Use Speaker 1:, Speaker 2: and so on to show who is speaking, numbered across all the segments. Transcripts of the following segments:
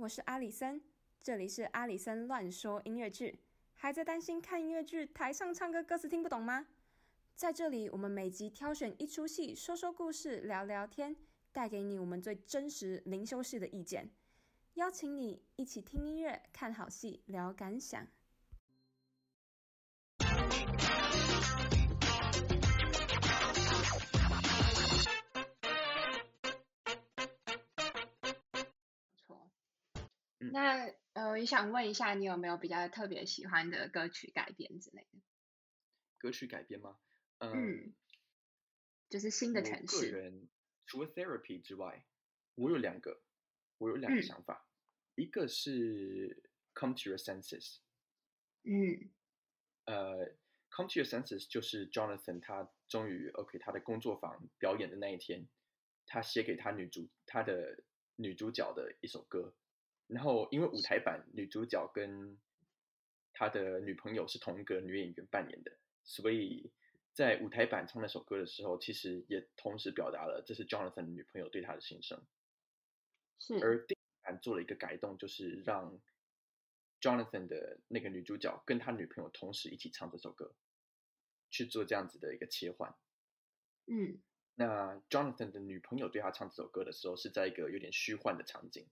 Speaker 1: 我是阿里森，這裡是阿里森亂說音樂劇。還在擔心看音樂劇台上唱歌歌詞聽不懂嗎？在這裡，我們每集挑選一出戲，說說故事，聊聊天，帶給你我們最真實零修飾的意見，邀請你一起聽音樂、看好戲、聊感想。那呃，我也想問一下，你有沒有比較特別喜歡的歌曲改編之類的？
Speaker 2: 歌曲改編嗎？Um, 嗯，
Speaker 1: 就是新的詮釋。我個人
Speaker 2: 除了 Therapy 之外，我有兩個，我有兩個想法。嗯、一個是 Come to Your Senses。
Speaker 1: 嗯。
Speaker 2: 呃、uh,，Come to Your Senses 就是 Jonathan 他終於 OK 他的工作坊表演的那一天，他寫給他女主他的女主角的一首歌。然後，因為舞台版女主角跟他的女朋友是同一個女演員扮演的，所以在舞台版唱那首歌的時候，其實也同時表達了這是 Jonathan 的女朋友對他的心聲。是。而電影版做了一個改動，就是讓 Jonathan 的那個女主角跟他女朋友同時一起唱這首歌，去做這樣子的一個切換。
Speaker 1: 嗯。
Speaker 2: 那 Jonathan 的女朋友對他唱這首歌的時候，是在一個有點虛幻的場景，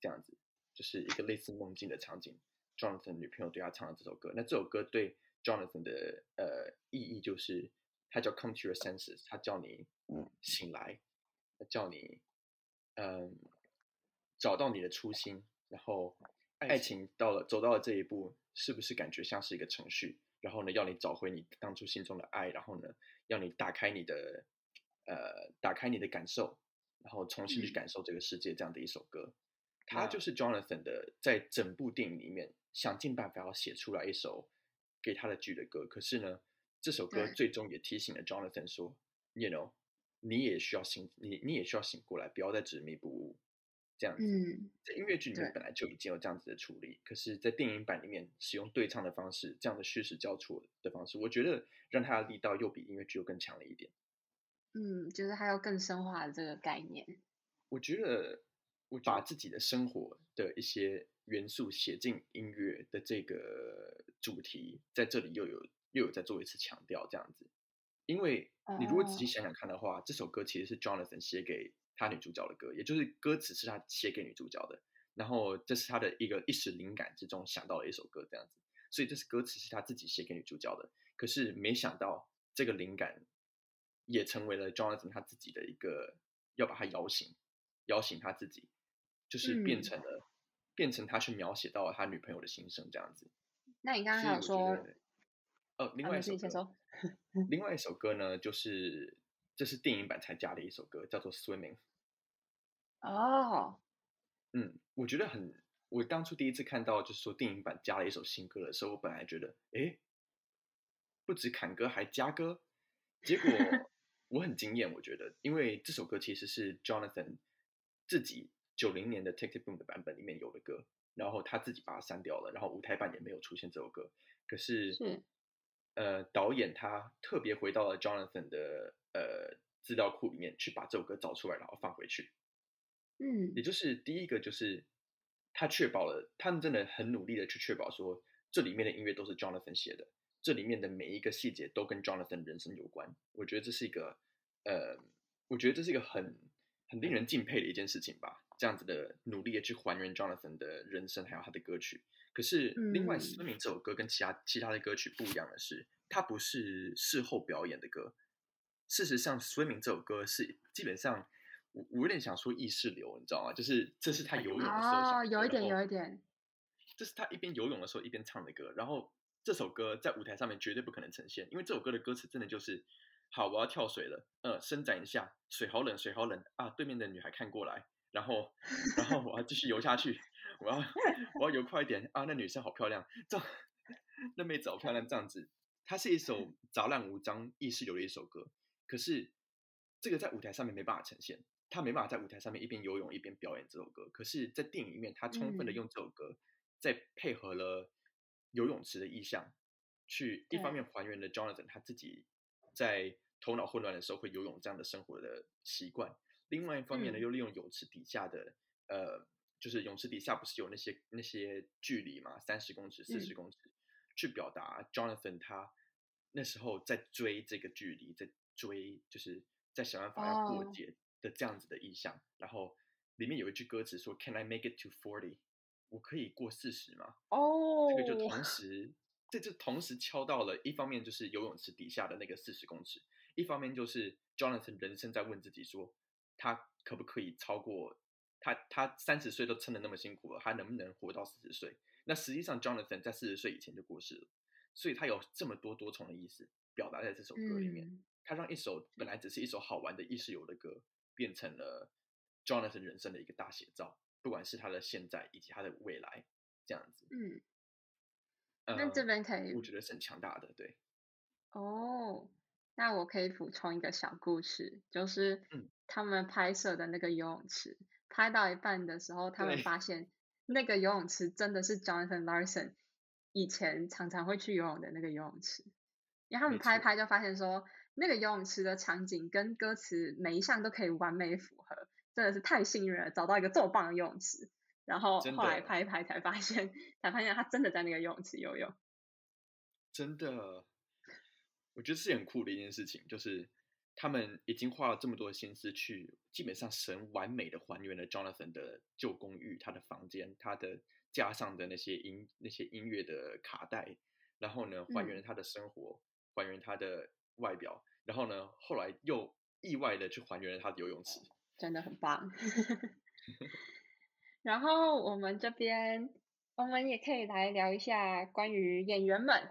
Speaker 2: 這樣子。就是一個類似夢境的場景，Jonathan 女朋友對他唱了這首歌。那這首歌對 Jonathan 的呃意義就是，它叫 “Come to your senses”，它叫你嗯醒來，它叫你嗯找到你的初心。然後愛情到了走到了這一步，是不是感覺像是一個程序？然後呢，要你找回你當初心中的愛，然後呢，要你打開你的呃，打開你的感受，然後重新去感受這個世界，這樣的一首歌。他就是 Jonathan 的，在整部電影裡面想盡辦法要寫出來一首給他的劇的歌，可是呢，這首歌最終也提醒了 Jonathan 說：“You know，你也需要醒，你你也需要醒過來，不要再執迷不悟。”這樣子。嗯，在音樂劇裡面本來就已經有這樣子的處理，可是，在電影版裡面使用對唱的方式，這樣的敘事交錯的方式，我覺得讓他的力道又比音樂劇又更強了一點。嗯，
Speaker 1: 就是它要更深化的這個概念。
Speaker 2: 我覺得。我把自己的生活的一些元素寫進音樂的這個主題，在這裡又有又有再做一次強調，這樣子。因為你如果仔細想想看的話，這首歌其實是 Jonathan 寫給他女主角的歌，也就是歌詞是他寫給女主角的。然後這是他的一個一時靈感之中想到的一首歌，這樣子。所以這是歌詞是他自己寫給女主角的。可是沒想到這個靈感也成為了 Jonathan 他自己的一個要把他搖醒，搖醒他自己。就是變成了，嗯、變成他去描寫到了他女朋友的心聲這樣子。
Speaker 1: 那你剛剛有說，呃、
Speaker 2: 哦，另外一首歌，啊、 另外一首歌呢，就是這、就是電影版才加的一首歌，叫做《Swimming》。哦，嗯，我覺得很，我當初第一次看到就是說電影版加了一首新歌的時候，我本來覺得，誒。不止砍歌還加歌，結果我很驚艷，我覺得， 因為這首歌其實是 Jonathan 自己。九零年的《Tick Tick Boom》的版本裡面有的歌，然後他自己把它刪掉了，然後舞台版也沒有出現這首歌。可是、嗯，呃，導演他特別回到了 Jonathan 的呃資料庫裡面去把這首歌找出來，然後放回去。嗯，也就是第一個就是他確保了，他們真的很努力的去確保說這裡面的音樂都是 Jonathan 寫的，這裡面的每一個細節都跟 Jonathan 人生有關。我覺得這是一個呃，我覺得這是一個很很令人敬佩的一件事情吧。嗯。這樣子的努力的去還原 Jonathan 的人生，還有他的歌曲。可是，另外《Swimming》這首歌跟其他、嗯、其他的歌曲不一樣的是，它不是事後表演的歌。事實上，《Swimming》這首歌是基本上我有點想說意識流，你知道嗎？就是這是他游泳的時
Speaker 1: 候的。啊，有一點，有一點。
Speaker 2: 這是他一邊游泳的時候一邊唱的歌。然後，這首歌在舞台上面絕對不可能呈現，因為這首歌的歌詞真的就是：好，我要跳水了，呃，伸展一下，水好冷，水好冷啊！對面的女孩看過來。然後，然後我要繼續游下去， 我要我要游快一點啊！那女生好漂亮， 這那妹子好漂亮，這樣子。它是一首雜亂無章、意識流的一首歌，可是這個在舞台上面沒辦法呈現，他沒辦法在舞台上面一邊游泳一邊表演這首歌。可是，在電影裡面，他充分的用這首歌，嗯，再配合了游泳池的意象，去一方面還原了 Jonathan 他自己在頭腦混亂的時候會游泳這樣的生活的習慣。另外一方面呢，又利用泳池底下的，嗯、呃，就是泳池底下不是有那些那些距離嘛，三十公尺、四十公尺，嗯、去表達 Jonathan 他那時候在追這個距離，在追，就是在想辦法要過節的這樣子的意象。Oh. 然後裡面有一句歌詞說：“Can I make it to forty？” 我可以過四十嗎？
Speaker 1: 哦、oh.，這個就同
Speaker 2: 時，這就同時敲到了一方面就是游泳池底下的那個四十公尺，一方面就是 Jonathan 人生在問自己說。他可不可以超過他？他三十歲都撐得那麼辛苦了，他能不能活到四十歲？那實際上，Jonathan 在四十歲以前就過世了，所以他有這麼多多重的意思表達在這首歌裡面。嗯、他讓一首本來只是一首好玩的意識游的歌，變成了 Jonathan 人生的一個大寫照，不管是他的現在以及他的未來，這樣子。
Speaker 1: 嗯，那、嗯、這邊可以，我
Speaker 2: 覺得是很強大的，對。
Speaker 1: 哦，那我可以補充一個小故事，就是嗯。他們拍攝的那個游泳池，拍到一半的時候，他們發現那個游泳池真的是 Jonathan Larson 以前常常會去游泳的那個游泳池。因為他們拍一拍就發現說，那個游泳池的場景跟歌詞每一項都可以完美符合，真的是太幸運了，找到一個這麼棒的游泳池。
Speaker 2: 然後後來拍
Speaker 1: 一拍才發現，才發現他真的在那個游泳池游泳。
Speaker 2: 真的，我覺得是很酷的一件事情，就是。他們已經花了這麼多心思去，基本上神完美的還原了 Jonathan 的舊公寓，他的房間，他的加上的那些音，那些音樂的卡帶，然後呢，還原了他的生活，嗯、還原他的外表，然後呢，後來又意外的去還原了他的游泳池，
Speaker 1: 真的很棒。 然後我們這邊，我們也可以來聊一下關於演員們，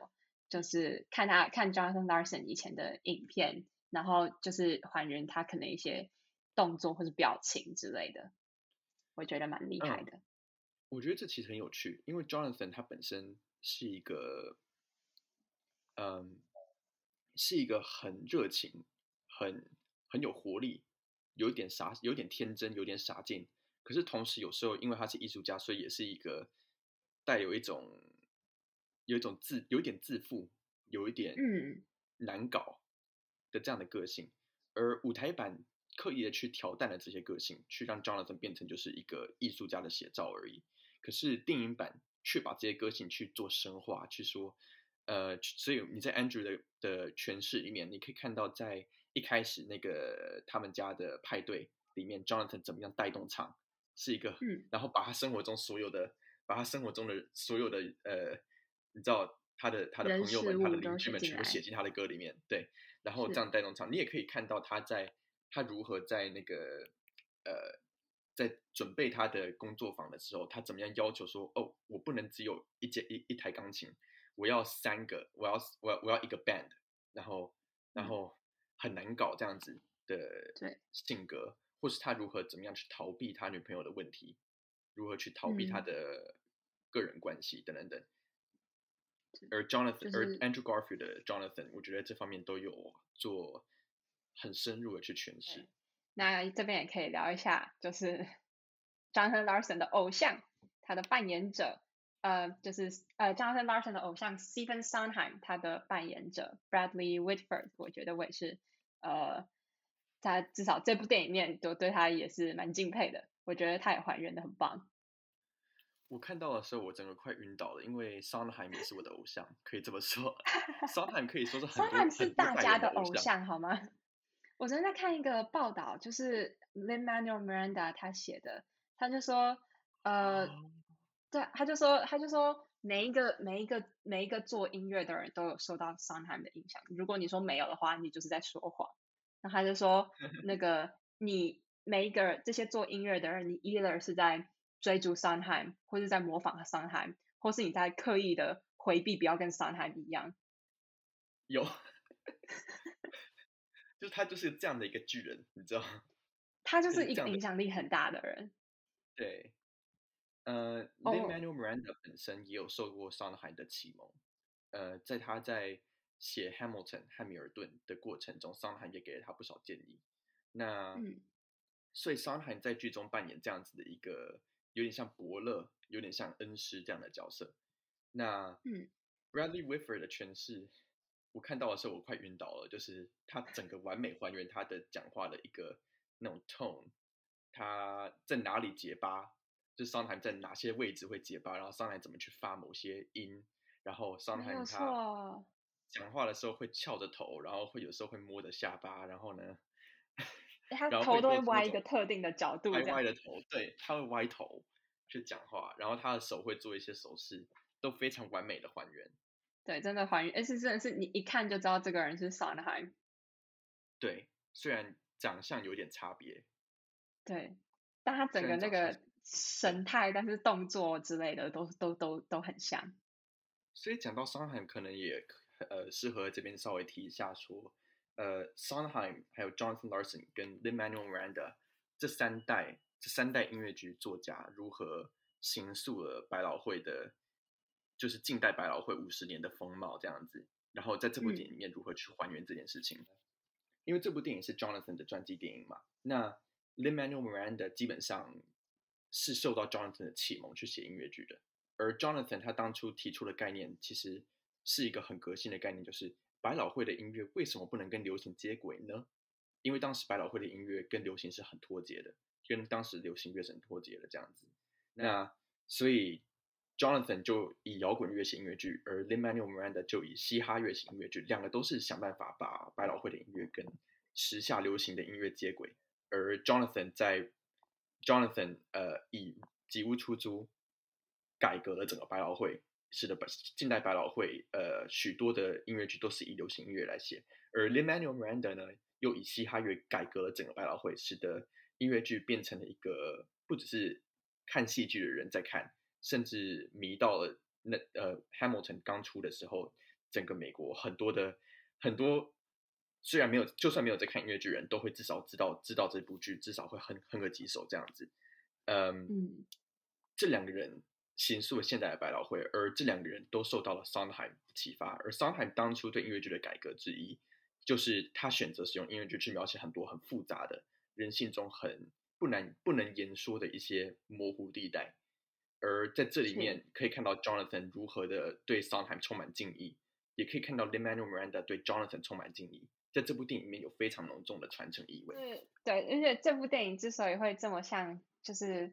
Speaker 1: 就是看他看 Jonathan Larson 以前的影片。然後就是還原他可能一些動作或者表情之類的，我覺得蠻厲害的。
Speaker 2: 嗯，我覺得這其實很有趣，因為 Jonathan 他本身是一個，嗯，是一個很熱情、很很有活力，有一點傻，有點天真，有點傻勁。可是同時有時候因為他是藝術家，所以也是一個帶有一種有一種自，有一點自負，有一點嗯難搞。嗯。的這樣的個性，而舞台版刻意的去調淡了這些個性，去讓 Jonathan 變成就是一個藝術家的寫照而已。可是電影版卻把這些個性去做深化，去說，呃，所以你在 Andrew 的的詮釋裡面，你可以看到在一開始那個他們家的派對裡面，Jonathan 怎麼樣帶動場是一個、嗯，然後把他生活中所有的，把他生活中的所有的，呃，你知道他的他的朋友們，他的鄰居們，全部寫進他的歌裡面，對。然後這樣帶動唱，你也可以看到他在他如何在那個呃，在準備他的工作坊的時候，他怎麼樣要求說哦，我不能只有一節一一台鋼琴，我要三個，我要我要我要一個 band，然後然後很難搞這樣子的性格、嗯，或是他如何怎麼樣去逃避他女朋友的問題，如何去逃避他的個人關係等、嗯、等等。而 Jonathan，、就是、而 Andrew Garfield 的 Jonathan，、就是、我覺得這方面都有做很深入的去詮釋。
Speaker 1: 那這邊也可以聊一下，就是 Jonathan Larson 的偶像，他的扮演者，呃，就是呃 Jonathan Larson 的偶像 Stephen Sondheim，他的扮演者 Bradley Whitford，我覺得我也是，呃，他至少這部電影裡面，都對他也是蠻敬佩的。我覺得他也還原的很棒。
Speaker 2: 我看到的時候，我整個快暈倒了，因為 Sondheim 是我的偶像， 可以這麼說 Sondheim 可以說是很很 大， 大家的偶像，
Speaker 1: 好嗎？我昨天在看一個報道，就是 Lin Manuel Miranda 他寫的，他就說，呃，對，他就說，他就說，每一個每一個每一個做音樂的人都有受到 Sondheim 的影響，如果你說沒有的話，你就是在說謊。那他就說， 那個你每一個這些做音樂的人，你 either 是在追逐桑漢，或者在模仿桑漢，或是你在刻意的回避，不要跟桑漢一樣。
Speaker 2: 有， 就是他就是這樣的一個巨人，你知道。
Speaker 1: 他就是一個影響力很大的人。
Speaker 2: 對，呃 Lin-Manuel Miranda 本身也有受過桑漢的啟蒙。呃、uh,，在他在寫 Hamilton 漢密爾頓的過程中，桑漢也給了他不少建議。那，嗯、所以桑漢在劇中扮演這樣子的一個。有點像伯樂，有點像恩師這樣的角色。那 Bradley Whitford 的詮釋，我看到的時候我快暈倒了。就是他整個完美還原他的講話的一個那種 tone，他在哪裡結巴？就桑坦在哪些位置會結巴？然後桑坦怎麼去發某些音，然後桑坦他講話的時候會翹着頭，然後會有時候會摸着下巴，然後呢？
Speaker 1: 欸、他頭都會歪一個特定的角度，會歪的
Speaker 2: 頭，對，他會歪頭去講話，然後他的手會做一些手勢，都非常完美的還原。
Speaker 1: 對，真的還原，而是，真的是，是你一看就知道這個人是 Sondheim。
Speaker 2: 對，雖然長相有點差別。
Speaker 1: 對，但他整個那個神態，但是動作之類的都都都都很像。
Speaker 2: 所以講到 Sondheim，可能也呃適合這邊稍微提一下說。呃，Sondheim，還有 Jonathan Larson 跟 Lin Manuel Miranda 這三代這三代音樂劇作家如何形塑了百老匯的，就是近代百老匯五十年的風貌這樣子。然後在這部電影裡面如何去還原這件事情？嗯、因為這部電影是 Jonathan 的傳記電影嘛。那 Lin Manuel Miranda 基本上是受到 Jonathan 的啟蒙去寫音樂劇的。而 Jonathan 他當初提出的概念其實是一個很革新的概念，就是。百老匯的音樂為什麼不能跟流行接軌呢？因為當時百老匯的音樂跟流行是很脫節的，跟當時流行樂壇脫節的這樣子。那所以，Jonathan 就以搖滾樂寫音樂劇，而 Lin Manuel Miranda 就以嘻哈樂寫音樂劇。兩個都是想辦法把百老匯的音樂跟時下流行的音樂接軌。而 Jonathan 在 Jonathan 呃以《吉屋出租》改革了整個百老匯。使得近代百老匯，呃，許多的音樂劇都是以流行音樂來寫，而 Lin Manuel Miranda 呢，又以嘻哈樂改革了整個百老匯，使得音樂劇變成了一個不只是看戲劇的人在看，甚至迷到了那呃 Hamilton 剛出的時候，整個美國很多的很多，雖然沒有，就算沒有在看音樂劇人，人都會至少知道知道這部劇，至少會哼哼個幾首這樣子嗯。嗯，這兩個人。重塑了現代的百老匯，而這兩個人都受到了 Sondheim 的啟發。而 Sondheim 當初對音樂劇的改革之一，就是他選擇使用音樂劇去描寫很多很複雜的、人性中很不難、不能言說的一些模糊地帶。而在這裡面，可以看到 Jonathan 如何的對 Sondheim 充滿敬意，也可以看到 Lin-Manuel Miranda 對 Jonathan 充滿敬意。在這部電影裡面有非常濃重的傳承意味。
Speaker 1: 對，而且這部電影之所以會這麼像，就是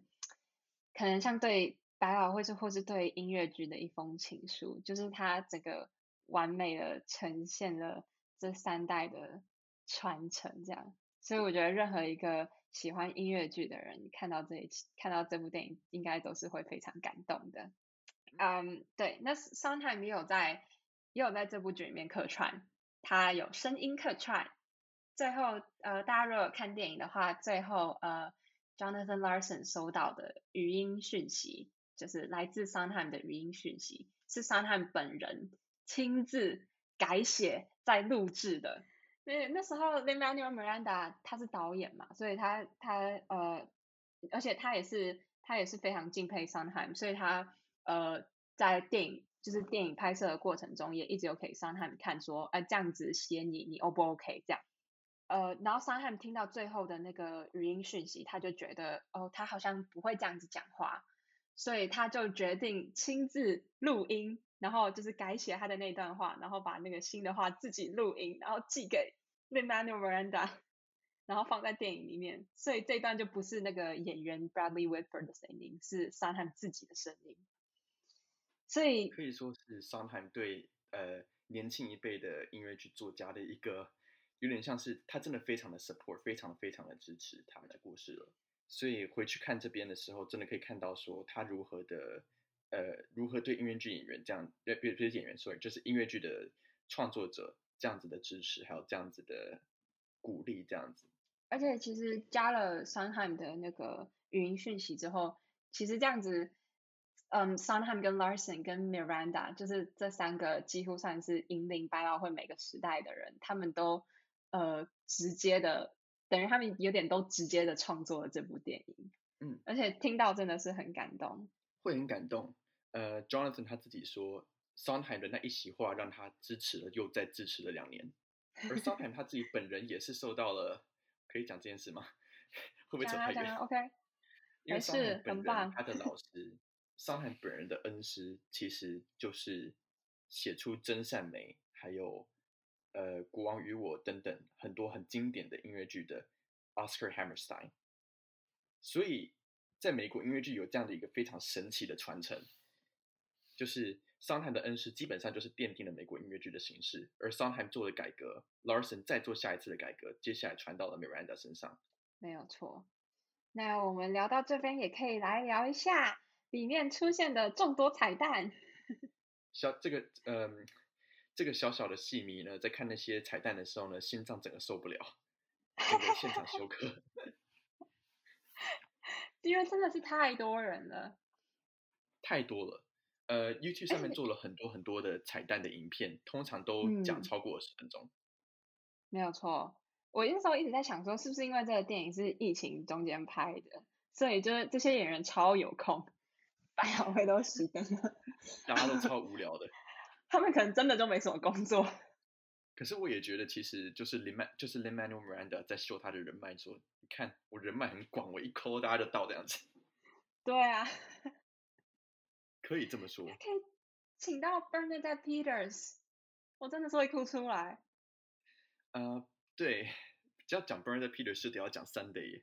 Speaker 1: 可能像對。百老匯是，或是對音樂劇的一封情書，就是它整個完美的呈現了這三代的傳承，這樣。所以我覺得任何一個喜歡音樂劇的人，看到這一看到這部電影，應該都是會非常感動的。嗯、um,，對。那桑泰也有在也有在這部劇裡面客串，他有聲音客串。最後，呃，大家如果看電影的話，最後呃，Jonathan Larson 收到的語音訊息。就是來自 Sondheim 的語音訊息，是 Sondheim 本人親自改寫再錄製的。那那時候，Lin-Manuel Miranda，他是導演嘛，所以他他呃，而且他也是他也是非常敬佩 Sondheim，所以他呃，在電影就是電影拍攝的過程中，也一直有給 Sondheim 看說，啊，這樣子寫你，你 O 不 OK 這樣。呃，然後 Sondheim 聽到最後的那個語音訊息，他就覺得，哦，他好像不會這樣子講話。所以他就決定親自錄音，然後就是改寫他的那段話，然後把那個新的話自己錄音，然後寄給那個 Manuel Miranda，然後放在電影裡面。所以這一段就不是那個演員 Bradley Whitford 的聲音，是桑漢自己的聲音。
Speaker 2: 所以可以說是桑漢對呃年輕一輩的音樂劇作家的一個有點像是他真的非常的 support，非常非常的支持他們的故事了。所以回去看這邊的時候，真的可以看到說他如何的，呃，如何對音樂劇演員這樣，對，不是演員 sorry，就是音樂劇的創作者這樣子的支持，還有這樣子的鼓勵這樣子。
Speaker 1: 而且其實加了 Sondheim 的那個語音訊息之後，其實這樣子，嗯、um,，Sondheim 跟 Larson 跟 Miranda 就是這三個幾乎算是引領百老匯每個時代的人，他們都呃直接的。等於他們有點都直接的創作了這部電影。嗯，而且聽到真的是很感動。
Speaker 2: 會很感動。呃、uh,，Jonathan 他自己說 Sondheim 的那一席話讓他支持了又再支持了兩年。而 Sondheim 他自己本人也是受到了，可以講這件事嗎？會不會扯太遠？講啊講啊，OK。沒事、哎，很棒。他的老師，Sondheim 本人的恩師，其實就是寫出《真善美》，還有。呃，國王與我等等很多很經典的音樂劇的 Oscar Hammerstein，所以在美國音樂劇有這樣的一個非常神奇的傳承，就是 Sondheim 的恩師基本上就是奠定了美國音樂劇的形式，而 Sondheim 做的改革，Larson 再做下一次的改革，接下來傳到了 Miranda 身上。
Speaker 1: 沒有錯，那我們聊到這邊也可以來聊一下裡面出現的眾多彩蛋。
Speaker 2: 小這個嗯。呃這個小小的戲迷呢，在看那些彩蛋的時候呢，心臟整個受不了，這個現場休克，
Speaker 1: 因為真的是太多人了，
Speaker 2: 太多了。呃，YouTube 上面做了很多很多的彩蛋的影片，欸、通常都講超過十分鐘、嗯。
Speaker 1: 沒有錯，我那時候一直在想說，是不是因為這個電影是疫情中間拍的，所以就是這些演員超有空，百老匯都熄燈了，
Speaker 2: 大家都超無聊的。
Speaker 1: 他們可能真的就沒什麼工
Speaker 2: 作，可是我也覺得，其實就是林曼，就是林曼紐 Miranda 在秀他的人脈說，說你看我人脈很廣，我一 call 大家就到這樣子。
Speaker 1: 對啊，
Speaker 2: 可以這麼說。 可
Speaker 1: 以請到 Bernadette Peters，我真的是會哭出來。呃、
Speaker 2: uh,，對，只要講 Bernadette Peters 得要講 Sunday。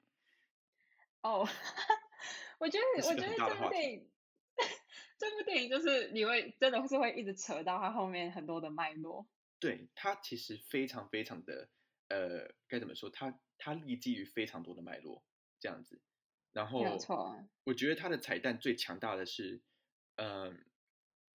Speaker 2: 哦、
Speaker 1: oh, 我覺得我覺得這個有這部電影就是你會真的是會一直扯到它後面很多的脈絡。
Speaker 2: 對，它其實非常非常的呃，該怎麼說？它它立基於非常多的脈絡這樣子。然後，沒錯、啊。我覺得它的彩蛋最強大的是，嗯、呃，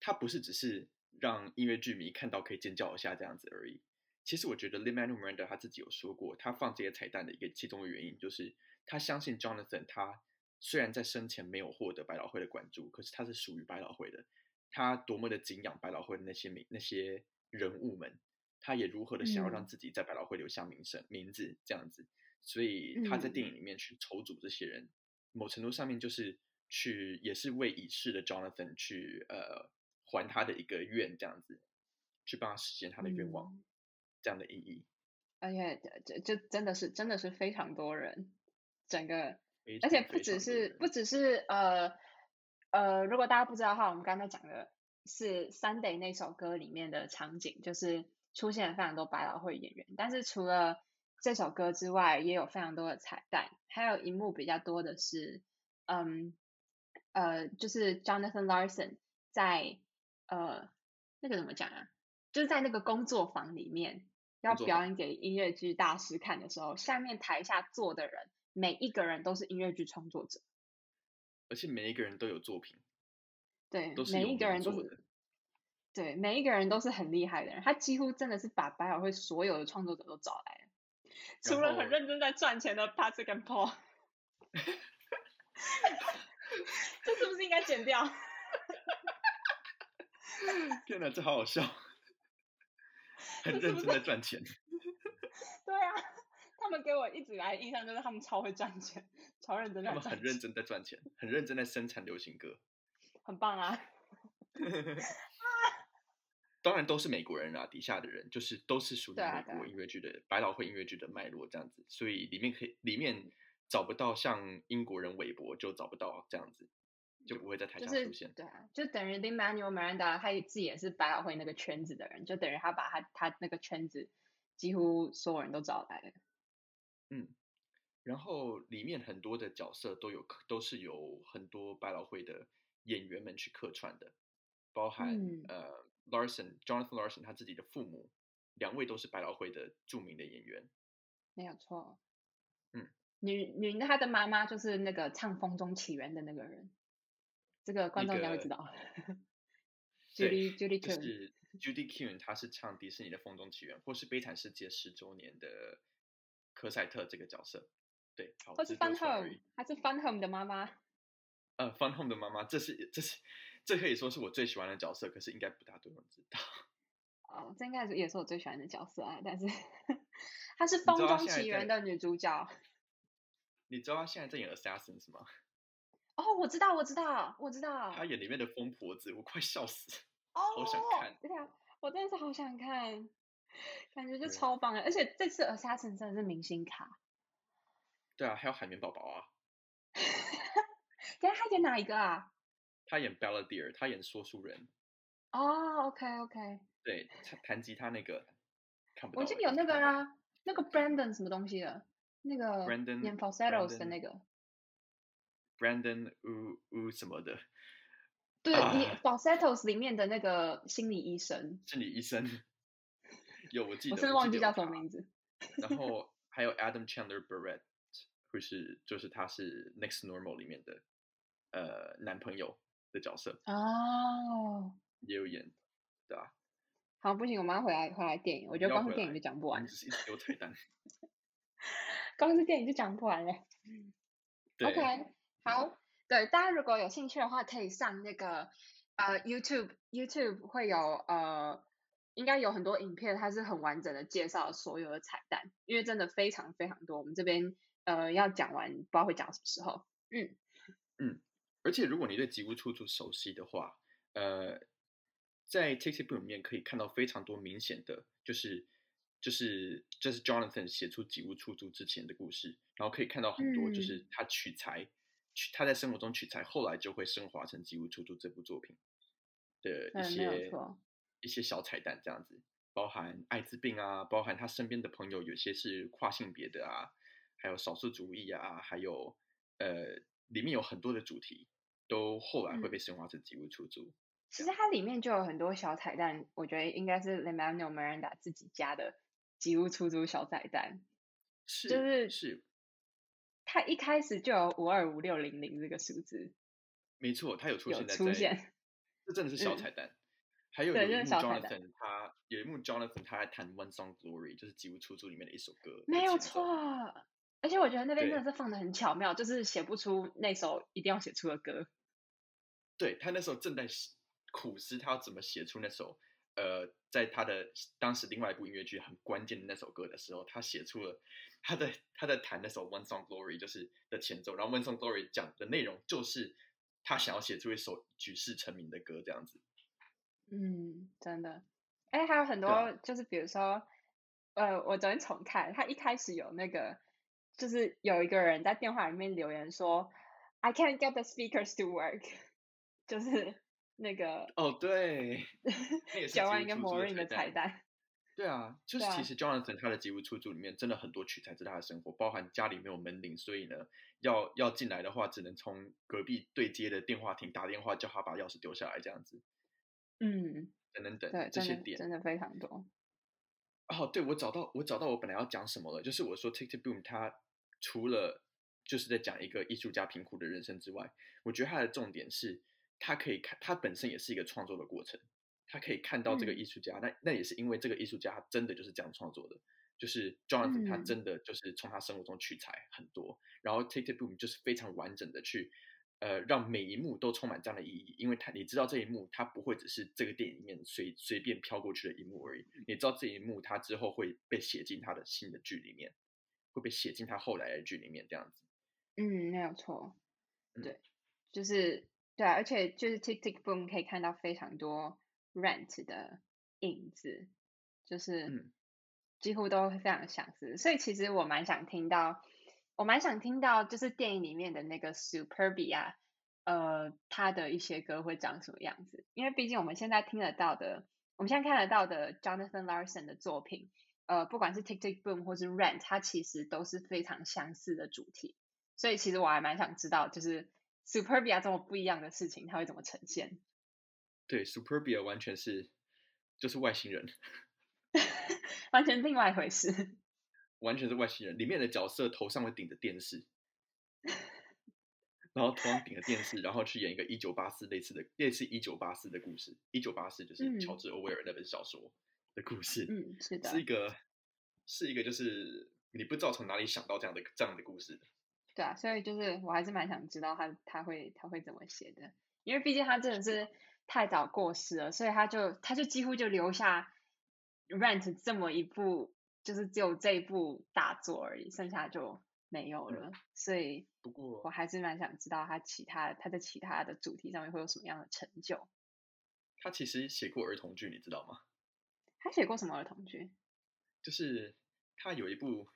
Speaker 2: 它不是只是讓音樂劇迷看到可以尖叫一下這樣子而已。其實我覺得 Lin Manuel Miranda 他自己有說過，他放這些彩蛋的一個其中的原因就是他相信 Jonathan 他。雖然在生前沒有獲得百老匯的關注，可是他是屬於百老匯的。他多麼的敬仰百老匯的那些名那些人物們，他也如何的想要讓自己在百老匯留下名聲、嗯、名字這樣子。所以他在電影裡面去籌組這些人，嗯、某程度上面就是去也是為已逝的 Jonathan 去呃還他的一個願這樣子，去幫他實現他的願望、嗯、這樣的意義。
Speaker 1: 而且這這真的是真的是非常多人，整個。而且不只是不只是呃呃，如果大家不知道的話，我們剛才講的是《Sunday》那首歌裡面的場景，就是出現了非常多百老匯演員。但是除了這首歌之外，也有非常多的彩蛋，還有一幕比較多的是，嗯呃，就是 Jonathan Larson 在呃那個怎麼講啊，就是在那個工作坊裡面坊要表演給音樂劇大師看的時候，下面台下坐的人。每一個人都是音樂劇創作者，
Speaker 2: 而且每一個人都有作品。對，
Speaker 1: 都是每一個人都是對，每一個人都是很厲害的人。他幾乎真的是把百老匯所有的創作者都找來了，除了很認真在賺錢的 Pasek 跟 Paul
Speaker 2: 。
Speaker 1: 這是不是應該剪掉？
Speaker 2: 天哪，這好好笑！ 很認真在賺錢。
Speaker 1: 對啊。他們給我一直來的印象就是他們超會賺錢，超認真。他們很
Speaker 2: 認真在賺錢，很認真在生產流行歌，
Speaker 1: 很棒啊！
Speaker 2: 當然都是美國人啊，底下的人就是都是屬於美國音樂劇的，對啊對啊，百老匯音樂劇的脈絡這樣子，所以裡面可以裡面找不到像英國人韋伯就找不到這樣子，就不會在台下出現。
Speaker 1: 就是、對啊，就等於林曼努爾·米蘭達他自己也是百老匯那個圈子的人，就等於他把他他那個圈子幾乎所有人都找來了。
Speaker 2: 嗯，然後裡面很多的角色都有都是有很多百老匯的演員們去客串的，包含呃、嗯 uh,，Larson Jonathan Larson 他自己的父母，兩位都是百老匯的著名的演員，
Speaker 1: 沒有錯。嗯，女女她的媽媽就是那個唱《風中奇緣》的那個人，這個觀眾應、那、該、個、會知道。
Speaker 2: Judy Judy Kuhn、就是、Judy Kuhn，他是唱迪士尼的《風中奇緣》，或是《悲慘世界》十周年的。科賽特這個角色，對，他是 Fun
Speaker 1: Home，他是 Fun Home 的媽媽。
Speaker 2: 呃，Fun Home 的媽媽，這是，這是，這是，這可以說是我最喜歡的角色，可是應該不大多人知道。
Speaker 1: 哦，這應該是也是我最喜歡的角色啊！但是她是《風中奇緣》的女主角。
Speaker 2: 你知道她現在在演《Assassins》是嗎？
Speaker 1: 哦，我知道，我知道，我知道。
Speaker 2: 她演裡面的瘋婆子，我快笑死！哦，好想看。
Speaker 1: 對啊，我真的是好想看。感覺就超棒的，嗯、而且這次 Assassins 真的是明星咖。
Speaker 2: 對啊，還有海綿寶寶啊。哈
Speaker 1: 等一下他演哪一個啊？
Speaker 2: 他演 Balladeer，l 他演說書人。
Speaker 1: 哦、oh,，OK OK 對。
Speaker 2: 對他彈吉他那個，看不欸、我記得有那
Speaker 1: 個啊，那個 Brandon 什麼東西的，那個演《Falsettos 的那個。
Speaker 2: Brandon 嗚嗚什麼的。對，uh, 你《
Speaker 1: Falsettos 裡面的那個心理醫生。
Speaker 2: 心理醫生。有，我記得。我甚至忘記叫
Speaker 1: 什麼名字。
Speaker 2: 然後還有 Adam Chandler Barrett，會是就是他是《Next Normal》裡面的呃男朋友的角色。
Speaker 1: 哦。
Speaker 2: 也有演，對吧？啊？
Speaker 1: 好，不行，我們要回來回來電影。我覺得光是電影就講不
Speaker 2: 完。給我推單。
Speaker 1: 光 是電影就講不完了。嗯。OK，好。對，大家如果有興趣的話，可以上那個呃 YouTube，YouTube YouTube 會有呃。應該有很多影片，它是很完整的介紹了所有的彩蛋，因為真的非常非常多。我們這邊呃要講完，不知道會講什麼時候。嗯
Speaker 2: 嗯，而且如果你對《吉屋出租》熟悉的話，呃，在 Tick Tick Boom 裡面可以看到非常多明顯的，就是就是就是 Jonathan 寫出《吉屋出租》之前的故事，然後可以看到很多就是他取材，嗯、他在生活中取材，後來就會升華成《吉屋出租》這部作品的一些對。一些小彩蛋這樣子，包含艾滋病啊，包含他身邊的朋友，有些是跨性別的啊，還有少數族裔啊，還有呃，裡面有很多的主題，都後來會被升華成吉屋出租。
Speaker 1: 嗯。其實它裡面就有很多小彩蛋，我覺得應該是雷曼紐梅蘭達自己家的吉屋出租小彩蛋，
Speaker 2: 是就是是，
Speaker 1: 它一開始就有五二五六零零這個數字，
Speaker 2: 沒錯，它有出現在，在出現，這真的是小彩蛋。嗯還有，有一幕，Jonathan，他有一幕，Jonathan，他在彈《One Song Glory》，就是《吉屋出租》裡面的一首歌。沒
Speaker 1: 有錯，而且我覺得那邊真的是放的很巧妙，就是寫不出那首一定要寫出的歌。
Speaker 2: 對，他那時候正在苦思，他要怎麼寫出那首呃，在他的當時另外一部音樂劇很關鍵的那首歌的時候，他寫出了他的，他在他在彈那首《One Song Glory》，就是的前奏。然後《One Song Glory》講的內容就是他想要寫出一首舉世成名的歌這樣子。
Speaker 1: 嗯，真的，哎，還有很多、啊，就是比如說，呃，我昨天重看，他一開始有那個，就是有一個人在電話裡面留言說，I can't get the speakers to work，就是那個
Speaker 2: 哦，對，那個一個默認的彩蛋，對啊，就是其實 Jonathan 他的吉屋出租裡面真的很多取材是他的生活，啊、包含家裡沒有門鈴，所以呢，要要進來的話只能從隔壁對接的電話亭打電話叫他把鑰匙丟下來這樣子。嗯，等等等，對，這些點真的，真的非常多。哦、oh，對，我找到我找到我本來要講什麼了，就是我說《Tick Tick Boom》它，除了就是在講一個藝術家貧苦的人生之外，我覺得它的重點是它，可以看它本身也是一個創作的過程，它可以看到這個藝術家，嗯、那那也是因為這個藝術家真的就是這樣創作的，就是 Jonathan 他真的就是從他生活中取材很多，嗯、然後《Tick Tick Boom》就是非常完整的去。呃，讓每一幕都充滿這樣的意義，因為他你知道這一幕，它不會只是這個電影裡面隨隨便飄過去的一幕而已。你知道這一幕，它之後會被寫進他的新的劇裡面，會被寫進他後來的劇裡面，這樣子。
Speaker 1: 嗯，沒有錯。
Speaker 2: 對，嗯、
Speaker 1: 就是對啊，而且就是《Tick Tick Boom》可以看到非常多《Rent》的影子，就是、嗯、幾乎都非常相似。所以其實我蠻想聽到。我蠻想聽到，就是電影裡面的那個 Superbia，呃，他的一些歌會長什麼樣子？因為畢竟我們現在聽得到的，我們現在看得到的 Jonathan Larson 的作品，呃，不管是 Tick Tick Boom 或是 Rent，它其實都是非常相似的主題。所以其實我還蠻想知道，就是 Superbia 這麼不一樣的事情，他會怎麼呈現？
Speaker 2: 對，Superbia 完全是，就是外星人，
Speaker 1: 完全另外一回事。
Speaker 2: 完全是外星人，裡面的角色頭上會頂着電視， 然後頭上頂着電視，然後去演一個一九八四類似的，類似一九八四的故事。一九八四就是喬治·歐威爾那本小說的故事。嗯，是，嗯，是的，是一個，是一個，就是你不知道從哪裡想到這樣的這樣的故事。
Speaker 1: 對啊，所以就是我還是蠻想知道他他會他會怎麼寫的，因為畢竟他真的是太早過世了，所以他就他就幾乎就留下《Rent》這麼一部。就是只有這一部大作而已，剩下就沒有了，嗯、所以不過我還是蠻想知道他其他他在其他的主題上面會有什麼樣的
Speaker 2: 成就。他其實寫過兒童劇，你知道嗎？
Speaker 1: 他寫過什麼兒童劇？
Speaker 2: 就是他有一部，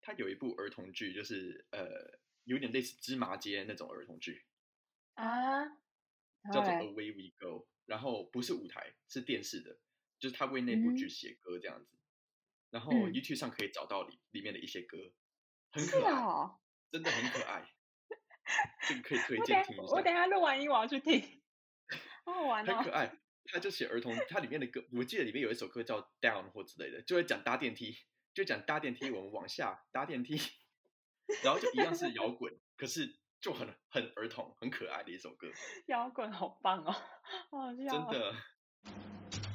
Speaker 2: 他有一部兒童劇，就是呃，有點類似芝麻街那種兒童劇
Speaker 1: 啊，叫做 Away We Go，嗯
Speaker 2: ，Away We Go，然後不是舞台，是電視的，就是他為那部劇寫歌這樣子。嗯然後 YouTube 上可以找到裡裡面的一些歌，嗯、很可愛、哦，真的很可愛。這 個可以推薦聽一下。我等下
Speaker 1: 錄完音我要去聽，好好玩的、哦。很可
Speaker 2: 愛，他就寫兒童，他裡面的歌，我記得裡面有一首歌叫 Down 或之類的，就會講搭電梯，就講搭電梯，我們往下搭電梯，然後就一樣是搖滾， 可是就很很兒童、很可愛的一首歌。搖
Speaker 1: 滾好棒哦！好笑哦，真的。